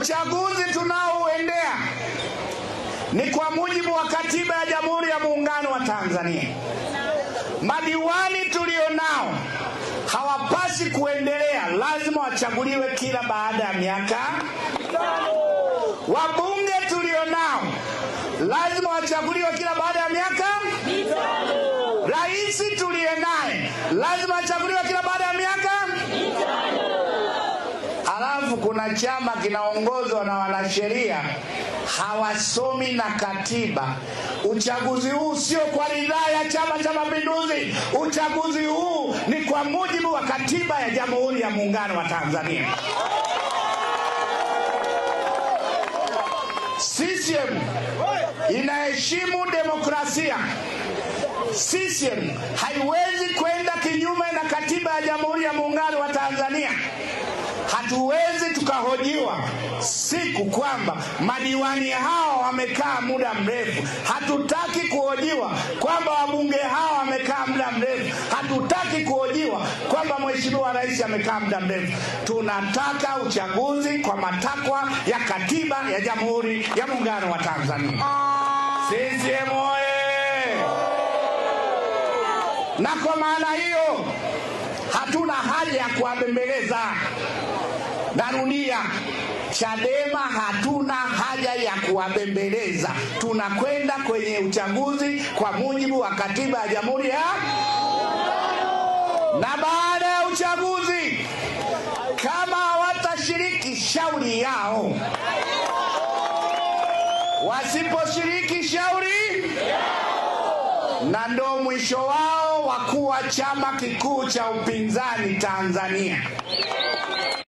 Uchaguzi tunaouendea ni kwa mujibu wa katiba ya Jamhuri ya Muungano wa Tanzania. Madiwani tulionao hawapasi kuendelea, lazima wachaguliwe kila baada ya miaka. Wabunge tulionao lazima wachaguliwe kila baada ya miaka. Rais tuliye naye lazima wachaguliwe kila chama kinaongozwa na wanasheria hawasomi na katiba. Uchaguzi huu sio kwa ridhaa ya Chama cha Mapinduzi. Uchaguzi huu ni kwa mujibu wa katiba ya Jamhuri ya Muungano wa Tanzania. CCM inaheshimu demokrasia. CCM haiwezi kwenda kinyume na katiba ya Jamhuri ya Muungano tunahojiwa siku kwamba madiwani hao wamekaa muda mrefu. Hatutaki kuhojiwa kwamba wabunge hao wamekaa muda mrefu. Hatutaki kuhojiwa kwamba mheshimiwa rais amekaa muda mrefu. Tunataka uchaguzi kwa matakwa ya katiba ya Jamhuri ya Muungano wa Tanzania. CCM oye! Na kwa maana hiyo hatuna haja ya kuwabembeleza. Narudia, Chadema hatuna haja ya kuwabembeleza. Tunakwenda kwenye uchaguzi kwa mujibu wa katiba ya Jamhuri ya na baada ya uchaguzi, kama hawatashiriki shauri yao, wasiposhiriki shauri na ndo mwisho wao wa kuwa chama kikuu cha upinzani Tanzania.